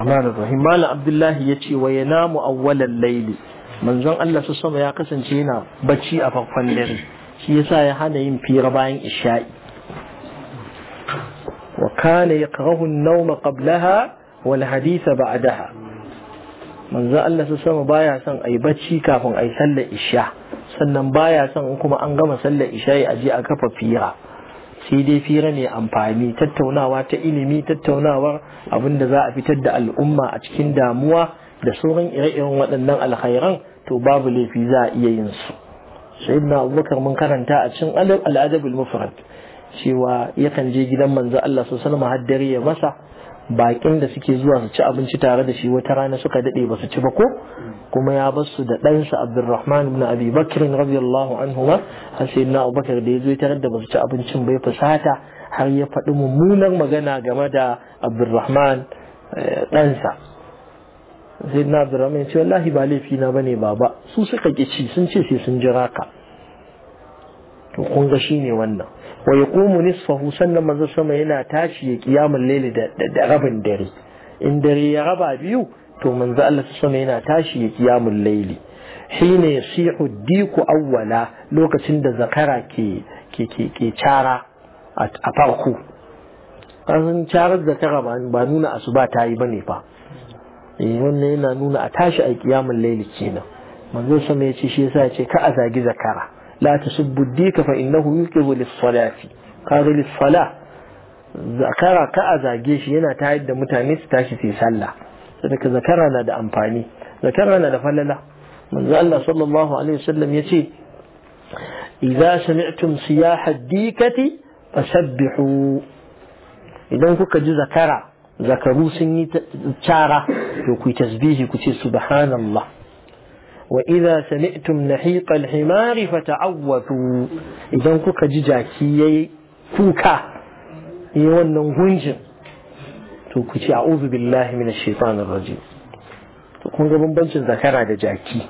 الرحمن الرحيم مال عبد الله يتي وينام أول الليل من زن الله سسما يا قسن شينا بتشي أفقفن لري شيسا يحانا في رباين إشاء وكان يكره النوم قبلها والحديث بعدها من زن الله سسما بايا سن أي بتشي كافن أي سل إشاء سنن baya سن in kuma سل gama أجي isha'i فيها shi dai fira ne amfani tattaunawa ta ilimi tattaunawa abinda za a fitar da al'umma a cikin damuwa da sauran ire-iren waɗannan alkhairan to babu laifi za a iya yin su sayyidina abubakar mun karanta a cikin al'adabul mufrad cewa yakan je gidan manzo Allah sallallahu alaihi wasallam har dare ya masa bakin da suke zuwa su ci abinci tare da shi wata rana suka daɗe ba su ci ba ko kuma ya bar su da ɗansa abdurrahman ibn abi bakr radiyallahu anhu ma sai na abubakar da ya zo tare da ba su ci abincin bai fusata har ya faɗi mummunar magana game da abdurrahman eh, ɗansa sai na abdurrahman ce wallahi ba laifi na bane baba su suka ƙi sun ce sai sun jira ka to kun ga shine wannan wa yaqumu nisfahu sannan manzo sama yana tashi ya ƙiyamun laili da rabin dare in dare ya raba biyu to manzo Allah sama yana tashi ya Shi shi ne yasihu diku awwala lokacin da zakara ke ke cara a farko an carar zakara ba nuna asuba ta yi bane fa eh, wannan yana nuna a tashi a kiyamun laili kenan manzo sama ya ce shi yasa ya ce ka a zagi zakara لا تسب الديك فإنه يكره للصلاة قال للصلاة ذكر كأزا جيش ينا تعد متانيس تاشي في سلة ذكرنا دا أنفاني ذكرنا دا فللا من ذا صلى الله عليه وسلم يسي إذا سمعتم صياح الديكة فسبحوا إذا كنت جزا كرا ذكروا سنة تارا يوكي تسبيه يوكي سبحان الله وإذا سمعتم نحيق الحمار فتعوفوا إذا كوكا جاكي كوكا يوانا ونج توكوشي أعوذ بالله من الشيطان الرجيم تكون ربما بنج ذكر على جاكي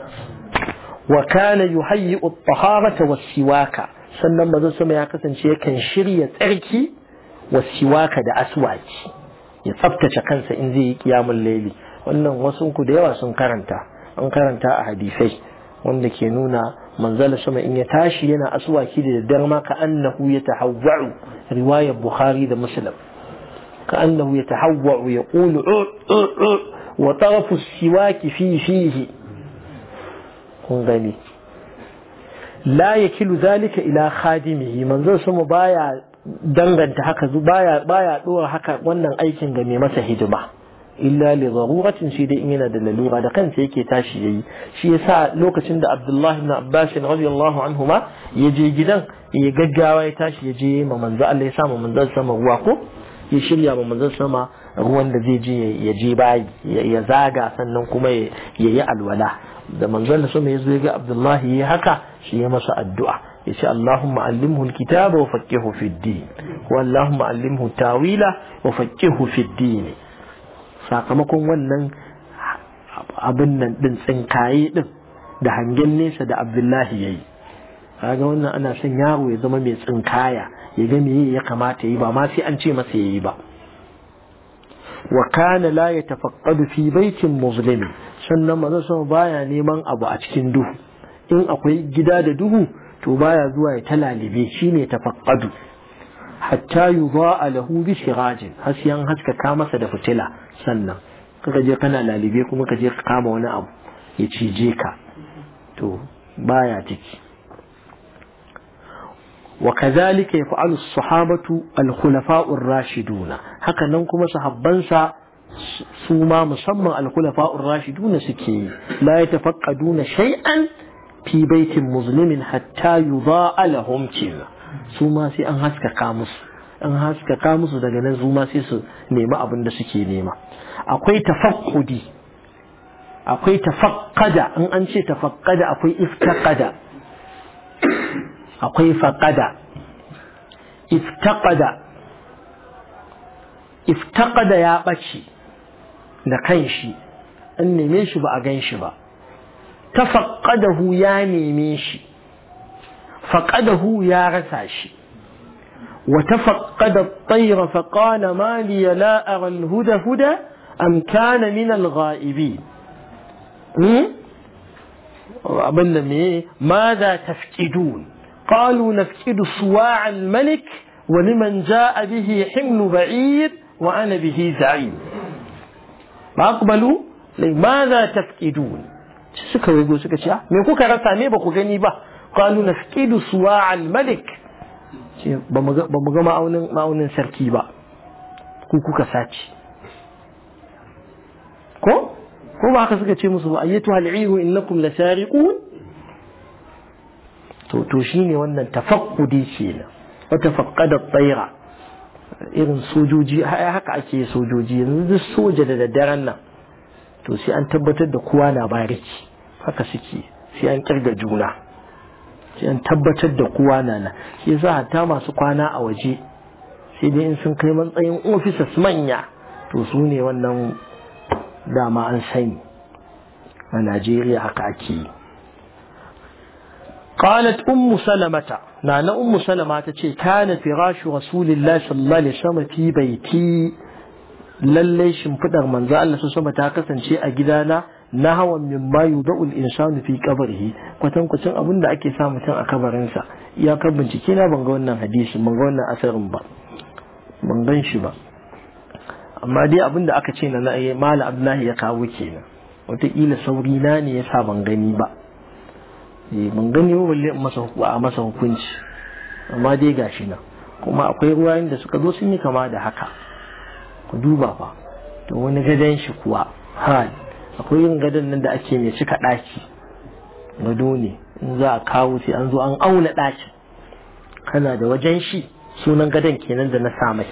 وكان يهيئ الطهارة والسواكة sannan ba zai sama ya kasance yakan shirya tsarki wa siwaka da aswaci ya tsabtace kansa in zai yi kiyamun laili wannan wasu ku an karanta a hadisai wanda ke nuna manzala sama in ya tashi yana asuwa ki da daddare ma ka annahu ya tahawwa'u riwayar bukhari da muslim ka annahu ya tahawwa'u ya qulu wa tarafu siwaki fi fihi kun gani la yakilu zalika ila khadimihi manzon sama baya danganta haka baya baya dora haka wannan aikin ga mai masa hidima إلا لضرورة شيدة من هذا اللغة هذا كان سيكي تاشي شيء ساعة لوك شند عبد الله بن عباس رضي الله عنهما يجي جدا يجي جاوي تاشي يجي ممن ذا اللي سام ممن ذا سام غواكو يشيل يا ممن ذا سام غوان الذي يجي يجي باي يزاجع سنن كم يي الولاء ذا من ذا سام يزوج عبد الله يهكا شيء ما الدعاء يشاء اللهم علمه الكتاب وفكه في الدين واللهم علمه التاويل وفكه في الدين sakamakon wannan abin nan din tsinkaye din da hangen nesa da abdullahi ya yi ga wannan ana son yaro ya zama mai tsinkaya ya ga me ya kamata yi ba ma sai an ce masa ya yi ba wa kana la yatafaqqadu fi baitin Musulmi, sannan manzo sama baya neman abu a cikin duhu in akwai gida da duhu to baya zuwa ya talalibe shine tafaqqadu hatta yudha'a lahu bi shirajin hasiyan haskaka masa da fitila sannan kaga je kana lalibe kuma ka je ka kama wani abu ya cije ka to baya ciki wa kazalika yaf'alu as-sahabatu al-khulafa'u ar-rashiduna haka nan kuma sahabbansa su ma musamman al-khulafa'u ar-rashiduna suke la yatafaqqaduna shay'an fi baitin muslimin hatta yudha'a lahum kiza su ma sai an haskaka musu an haskaka musu daga nan su ma sai su nemi abin da suke nema akwai tafaqqudi akwai tafaqqada in an ce tafaqqada akwai iftaqada akwai faqada iftaqada iftaqada ya bace da kanshi an neme shi ba a ganshi ba tafaqqadahu ya neme shi faqadahu ya rasa shi وتفقد الطير فقال ما لي لا أرى الهدى هدى أم كان من الغائبين أبن ماذا تفقدون قالوا نفقد صواع الملك ولمن جاء به حمل بعير وأنا به زعيم ما أقبلوا لماذا تفقدون قالوا نفقد صواع الملك بمجمع معون سركيبا كوكوكا ساتشي ko ko ba haka suka ce musu ba ayyatu hal'ihu innakum lasariqun to to shine wannan tafaqqudi kenan wa tafaqqada at-tayra irin sojoji haka ake sojoji yanzu duk soja da daddaran nan to sai an tabbatar da kowa na bariki haka suke sai an kirga juna sai an tabbatar da kowa na nan shi yasa hatta masu kwana a waje sai dai in sun kai matsayin ofisas manya to su ne wannan داما انسين انا جيري عقاكي قالت أم سلمة نانا نعم، أم سلمة تشي كان فراش رسول الله صلى الله عليه وسلم في بيتي للي شمفتر من ذا الله سوسمة تاكسا شيء أجدانا نهوا مما يوضع الإنسان في قبره كتن كتن أبن داكي سامة سامتن أكبر إنسا يا كبن شكينا بنغونا حديث بنغونا أثر با بنغنش با amma dai abin da aka ce na mala abdullahi ya kawo kenan wataƙila sauri na ne ya sa ban gani ba eh, ban gani ba balle a masa hukunci amma dai ga shi nan kuma akwai ruwa da suka zo sun yi kama da haka ku duba ba to wani gadon shi kuwa hal akwai yin gadon nan da ake mai cika ɗaki gado ne in za a kawo sai an zo an auna ɗaki kana da wajen shi sunan gadon kenan da na samai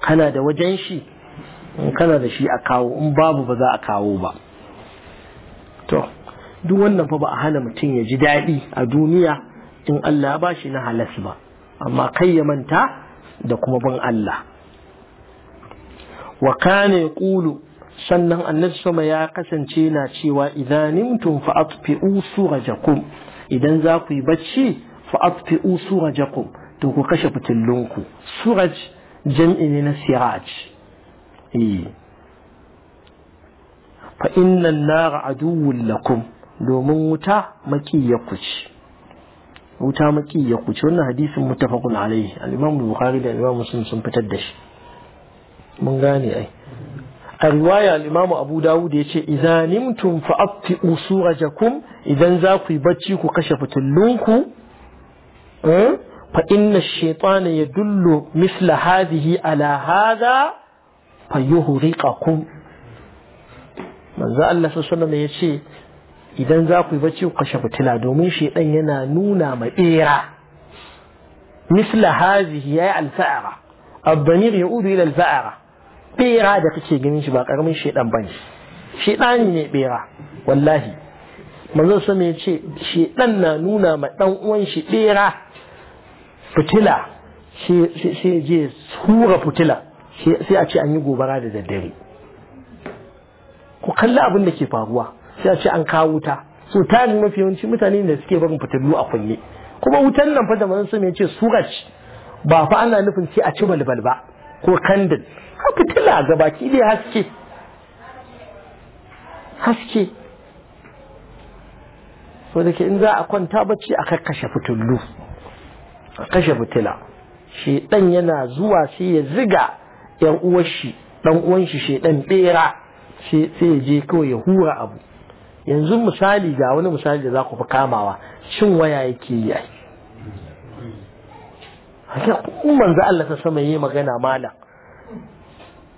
kana da wajen shi in kana da shi a kawo in babu ba za a kawo ba to duk wannan fa ba a hana mutum ya ji daɗi a duniya in Allah ba shi na halas ba amma kai ya manta da kuma bin Allah wa kana yaqulu sannan annabi sama ya kasance na cewa idan nimtum fa atfi'u surajakum idan za ku yi bacci fa atfi'u surajakum to ku kashe fitillunku suraj jam'i ne na siraj fa innan nar aduwwun lakum domin wuta makiyyaku ce wuta makiyyaku ce wannan hadisin muttafaqun alaihi al-imam bukhari da imam muslim sun fitar da shi mun gane ai a riwaya al-imam abu dawud yace idza nimtum fa afti usurajakum idan za ku yi bacci ku kashe fitullunku fa inna ash-shaytana yadullu misla hadhihi ala hadha fayuhriqakum manzo Allah sallallahu alaihi ya ce idan za ku yi bacci ku kashe fitila domin shedan yana nuna ma bera misla hazihi ya yi alfa'ara abdamir ya udu ila alfa'ara bera da kake ganin shi ba karamin shedan bane shedani ne bera wallahi manzo sama ya ce shedan na nuna ma dan uwan shi bera fitila sai je hura fitila sai a ce an yi gobara da daddare ku kalli abin da ke faruwa sai a ce an kawo wuta so tarin mafi yawanci mutane da suke barin fitilu a kunne kuma wutan nan fa da manzon sun ce suraj ba fa ana nufin sai a ci balbal ba ko kandil ha fitila ga baki dai haske haske so da ke in za a kwanta bacci a kakkashe fitilu a kashe fitila shi dan yana zuwa sai ya ziga yar uwar shi dan uwan shi ɗan bera sai ya je kawai ya hura abu yanzu misali ga wani misali da za ku fi kamawa cin waya yake yi ai haka kun manzo Allah ta sama yi magana malam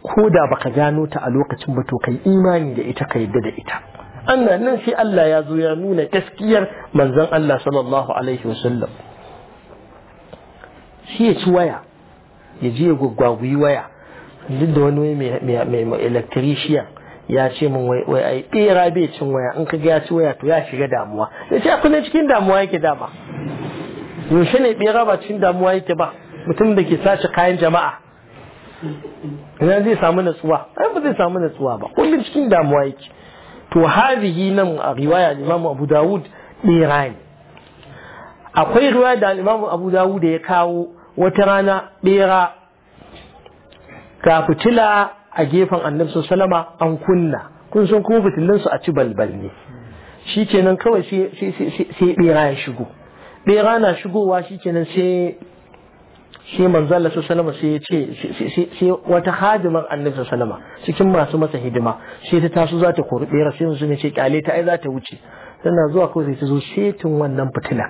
ko da baka gano ta a lokacin ba to kai imani da ita ka yadda da ita annan nan sai Allah ya zo ya nuna gaskiyar manzon Allah sallallahu alaihi wasallam shi ya ci waya ya je ya gwaggwaguyi waya duk da wani mai electrician ya ce min wai wai ai bera bai cin waya in ka ya ci waya to ya shiga damuwa ya ce akwai cikin damuwa yake dama yaushe ne bera ba cikin damuwa yake ba mutum da ke sace kayan jama'a Idan zai samu natsuwa ai ba zai samu natsuwa ba kullum cikin damuwa yake to hadhihi nan a riwaya Imam Abu Dawud bera ne akwai riwaya da Imam Abu Dawud ya kawo wata rana bera ga fitila a gefen annabi sallama an kunna kun san kuma fitilan su a ci balbal ne shi kenan kawai sai bera ya shigo bera na shigowa shi kenan sai shi manzo Allah sallama sai ya ce sai wata hadimar annabi sallama cikin masu masa hidima sai ta taso za ta kori bera sai mun ne ce kyale ta ai za ta wuce tana zuwa kawai sai ta zo setin wannan fitila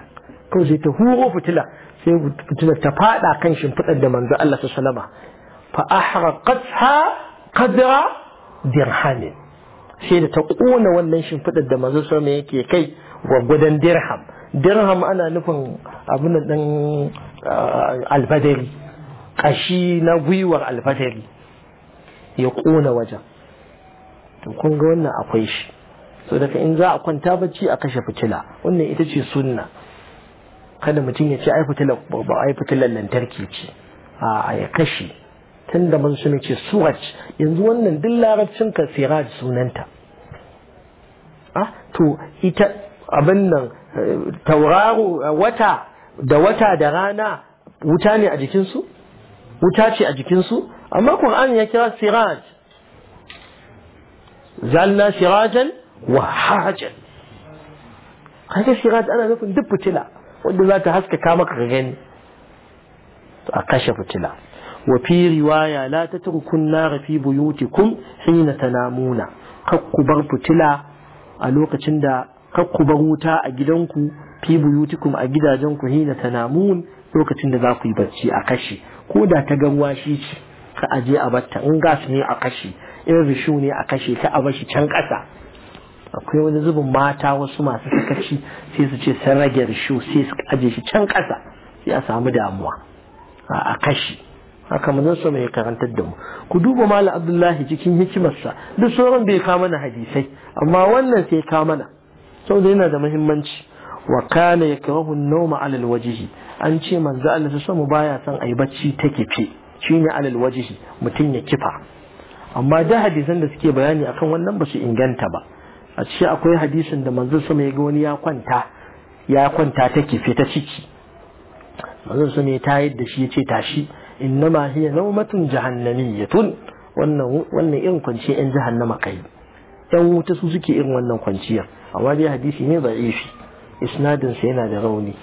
kawai sai ta huro fitila sai fitilar ta fada kan shimfiɗar da manzo Allah sallama فأحرقتها قدر درهم sai da ta ƙona wannan shimfiɗar da so sama yake kai gwaggwadon dirham dirham ana nufin abin ɗan albadari ƙashi na gwiwar albadari ya ƙona wajen to kun ga wannan akwai shi so daga in za a kwanta bacci a kashe fitila wannan ita ce sunna kada mutum ya ce ai fitilar lantarki ce a ya kashe tun da mun suna ce suraj yanzu wannan duk larabcin ka siraj sunanta ah to ita abin nan tauraro wata da wata da rana wuta ne a jikinsu wuta ce a jikinsu amma Qur'an ya kira siraj zalna sirajan wa hajan kaga siraj ana nufin duk fitila wanda za ta haskaka maka ka gani a kashe fitila وفي رواية لا تتركوا النار في بيوتكم حين تنامون ككبر فتلا ألوك تندا ككبر وتا أجدنكو في بيوتكم أجدنكو حين تنامون لوك تندا ذاقي بجي أكشي كودا تقواشي كأجي أبتا انغاسني أكشي in أكشي كأبشي a akwai wani zubin mata wasu masu sakaci sai su ce sun rage rishu sai su aje shi can kasa sai a samu damuwa a kashi haka zan so ya karantar da mu ku duba mala abdullahi cikin hikimarsa duk sauran bai ka mana hadisai amma wannan sai ka mana saboda yana da muhimmanci wa kana yakrahu an-nawma 'ala al-wajhi an ce manzo Allah sai mu baya son ai bacci ta kife shine 'ala al-wajhi mutun ya kifa amma da hadisan da suke bayani akan wannan ba su inganta ba a cikin akwai hadisin da manzo sai ya ga wani ya kwanta ya kwanta ta kife ta ciki manzo sai ne ta yadda shi ya ce tashi innama hiya naumatun jahannamiyyatun wannan wannan irin kwanci yan jahannama kai yan wuta su suke irin wannan kwanciya amma dai hadisi ne da'ifi isnadin sa yana da rauni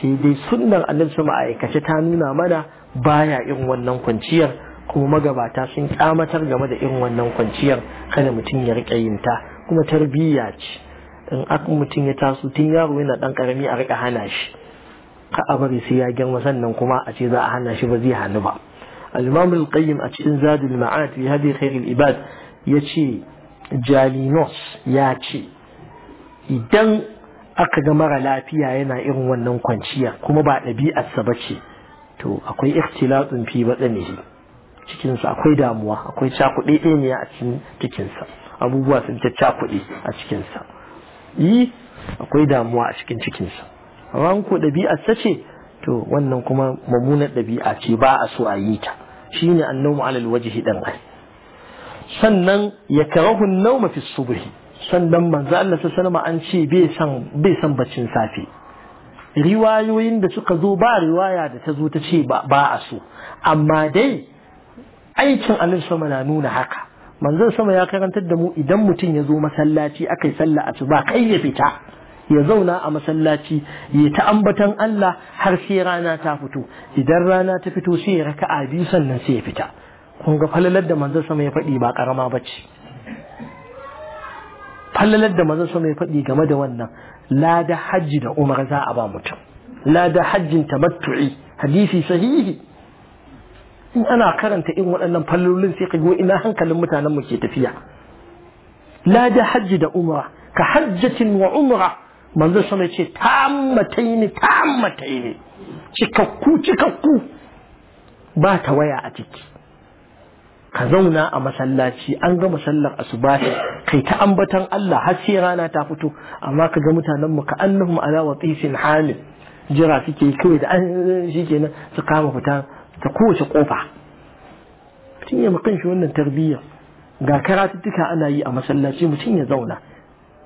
sai dai sunnar annabi sama aikace ta nuna mana baya irin wannan kwanciyar kuma magabata sun kyamatar game da irin wannan kwanciyar kada mutum ya rika yin ta kuma tarbiyya ce in aka mutum ya taso tun yaro yana dan karami a rika hana shi ka a bari sai ya girma sannan kuma a ce za a hana shi ba zai hannu ba al-imam al-qayyim a cikin zadul ma'ad fi hadi khair al-ibad yace jalinos ya ce idan aka ga mara lafiya yana irin wannan kwanciya kuma ba ɗabi'arsa ba ce to akwai ikhtilatun fi batsanihi cikinsa akwai damuwa akwai cakuɗe ɗaya a cikin cikinsa abubuwa sun ta cakuɗe a cikinsa yi akwai damuwa a cikin cikinsa ranko ɗabi'a ɗabi'ar ta ce to wannan kuma mummunar ɗabi'a ce ba a so a yi ta Shi shine annamu alal waje hidan ai sannan ya karahu an fi sannan manzo Allah sallallahu sanama an ce bai san bai san baccin safe riwayoyin da suka zo ba riwaya da ta zo ta ce ba a so amma dai aikin annabi sama na nuna haka manzon sama ya karantar da mu idan mutum ya zo masallaci aka yi sallah asuba kai ya fita ya zauna a masallaci ya ta ambatan Allah har sai rana ta fito idan rana ta fito sai ya raka'a biyu sannan sai ya fita kun ga falalar da manzon sama ya faɗi ba karama bace fallalar da mazan sama ya faɗi game da wannan lada hajji da umar za a ba mutum lada hajjin tamattu'i hadisi sahihi in ana karanta in waɗannan fallolin sai ka ina hankalin mutanen mu ke tafiya lada hajji da umra ka hajjatin wa umra manzo sama ce tammataini ne. cikakku cikakku ba ta waya a ciki ka zauna a masallaci an gama sallar asubahi kai ta ambatan Allah har sai rana ta fito amma ka ga mutanen mu ka annahum ala watisin hamil jira suke kawai da an shikenan su kama fita ta kowace kofa mutum ya makan shi wannan tarbiyya ga karatuttuka ana yi a masallaci mutum ya zauna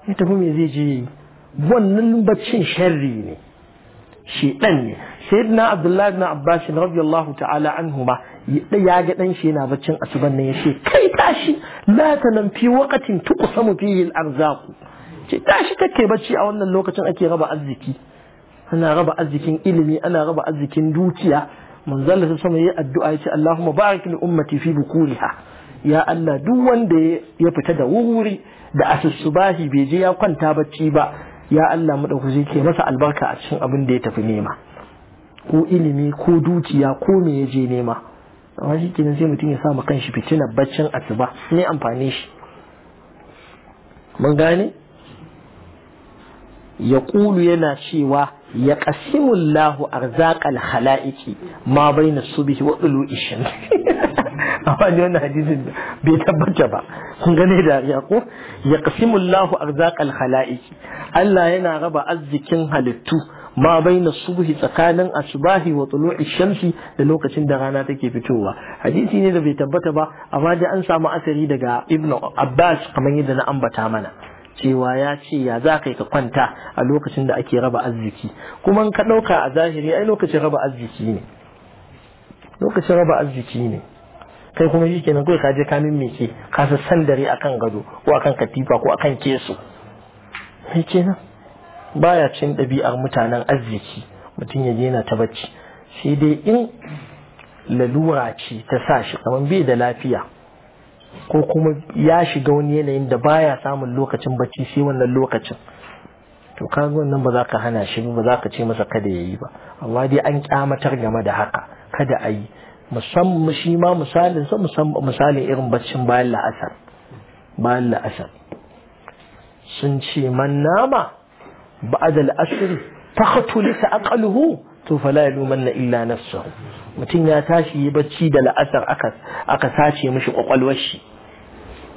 ya tafi me zai je yi wannan baccin sharri ne shi dan ne sayyidina abdullahi ibn abbas radiyallahu ta'ala anhuma ya ga dan shi yana baccin asuban nan yace kai tashi la tanam fi waqtin tuqsamu fihi al-arzaq ce tashi take bacci a wannan lokacin ake raba arziki ana raba arzikin ilimi ana raba arzikin dukiya manzon Allah sama yayi addu'a yace Allahumma barik li ummati fi bukuliha ya Allah duk wanda ya fita da wuri da asusubahi bai je ya kwanta bacci ba ya Allah madaukaki ke masa albarka a cikin abin da ya tafi nema ko ilimi ko dukiya ko me ya je nema amma shi kenan sai mutum ya sa ma shi fitina baccin asuba ne amfani shi mun gane ya yana cewa ya ƙasimun lahu arzaƙal hala'iki ma bai na su bihi waɗulu ishin a wani wani hadisin bai tabbata ba sun gane da ya ko ya ƙasimun lahu hala'iki Allah yana raba arzikin halittu ma bai na subhi tsakanin asubahi wa tulu'i shamsi da lokacin da rana take fitowa hadisi ne da bai tabbata ba amma da an samu asari daga ibnu abbas kamar yadda na ambata mana cewa ya ce ya za yi ka kwanta a lokacin da ake raba arziki kuma in ka ɗauka a zahiri ai lokacin raba arziki ne lokacin raba arziki ne kai kuma shi kenan kawai ka je ka mimmike ka san sandare akan gado ko akan katifa ko akan keso me kenan baya cin ɗabi'ar mutanen arziki mutum ya je yana ta bacci sai dai in lalura ce ta sa shi kamar bai da lafiya ko kuma ya shiga wani yanayin da baya samun lokacin bacci sai wannan lokacin to kaga wannan ba za ka hana shi ba za ka ce masa kada ya yi ba amma dai an kyamatar game da haka kada a yi musamman shi ma misalin sa misalin irin baccin bayan la'asar bayan la'asar sun ce man nama Ba'adal asiri fa khatulisa aqluhu to la yalumanna illa nafsahu mutum ya tashi yi bacci da la'asar aka aka sace mishi kwakwalwar shi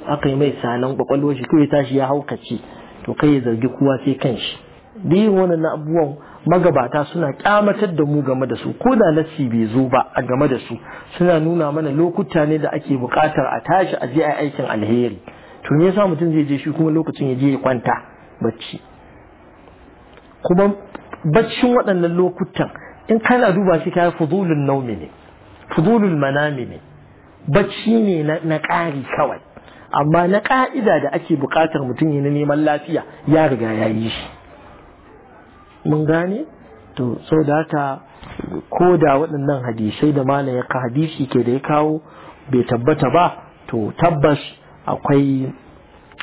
aka yi mai sanan kwakwalwar shi kawai tashi ya haukace to kai ya zargi kowa sai kanshi dai wannan abubuwan magabata suna kyamatar da mu game da su ko da nasi bai zo ba a game da su suna nuna mana lokuta ne da ake bukatar a tashi a je a aikin alheri to me yasa mutum zai je shi kuma lokacin ya je ya kwanta bacci kuma baccin waɗannan lokutan in kana duba shi kai fudulun naumi ne fudulul manami ne bacci ne na ƙari kawai amma na ƙa'ida da ake buƙatar mutum ya neman lafiya ya riga ya yi shi mun gane to sau da haka ko da waɗannan hadisai da malam ya hadisi ke da ya kawo bai tabbata ba to tabbas akwai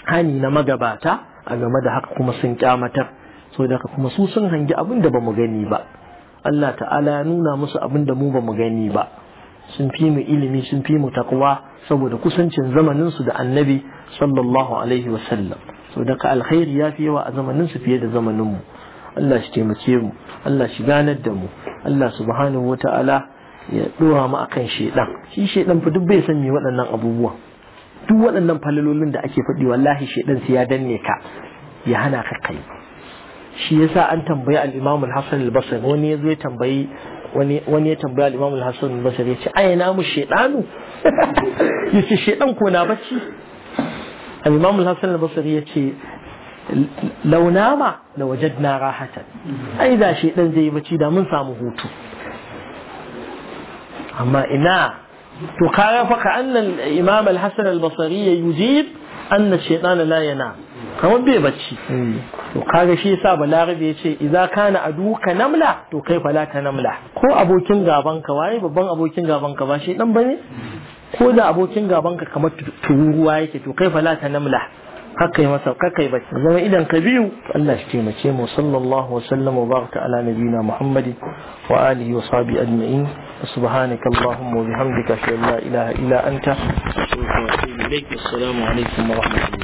hani na magabata a game da haka kuma sun kyamatar so da kuma su sun hangi abin da ba gani ba Allah ta'ala ya nuna musu abin da mu bamu gani ba sun fi mu ilimi sun fi mu takwa saboda kusancin zamanin su da annabi sallallahu alaihi wasallam sallam so da alkhairi ya fi yawa a zamanin su fiye da zamanin mu Allah shi taimake mu Allah shi ganar da mu Allah subhanahu wata'ala ya dora mu akan shedan shi shedan fa duk bai san me waɗannan abubuwa duk waɗannan falalolin da ake faɗi wallahi shedan sai ya danne ka ya hana ka kai shi yasa an tambaya al-Imam al-Hasan al-Basri wani yazo ya tambayi wani wani ya tambaya al-Imam al-Hasan al-Basri yace ai na mu shedanu yace shedan ko na bacci al-Imam al-Hasan al-Basri yace law nama la wajadna rahatan ai da shedan zai bacci da mun samu hutu amma ina to kaya fa ka annal Imam al-Hasan al-Basri yujib anna shaytana la yana kamar bai bacci hmm. to kaga shi yasa balarabe ce, idza kana aduka namla to kai la ta namla ko abokin gaban ka waye babban abokin gaban ka ba shi dan bane ko da abokin gaban ka kamar tururuwa yake to kai la ta namla haka yi masa kakai ba zama idan ka biyu Allah shi taimake mu sallallahu wa sallam wa baraka ala nabiyina Muhammadin wa alihi wa sahbi ajma'in subhanaka allahumma wa bihamdika ashhadu an la ilaha illa anta wa assalamu alaikum wa rahmatullahi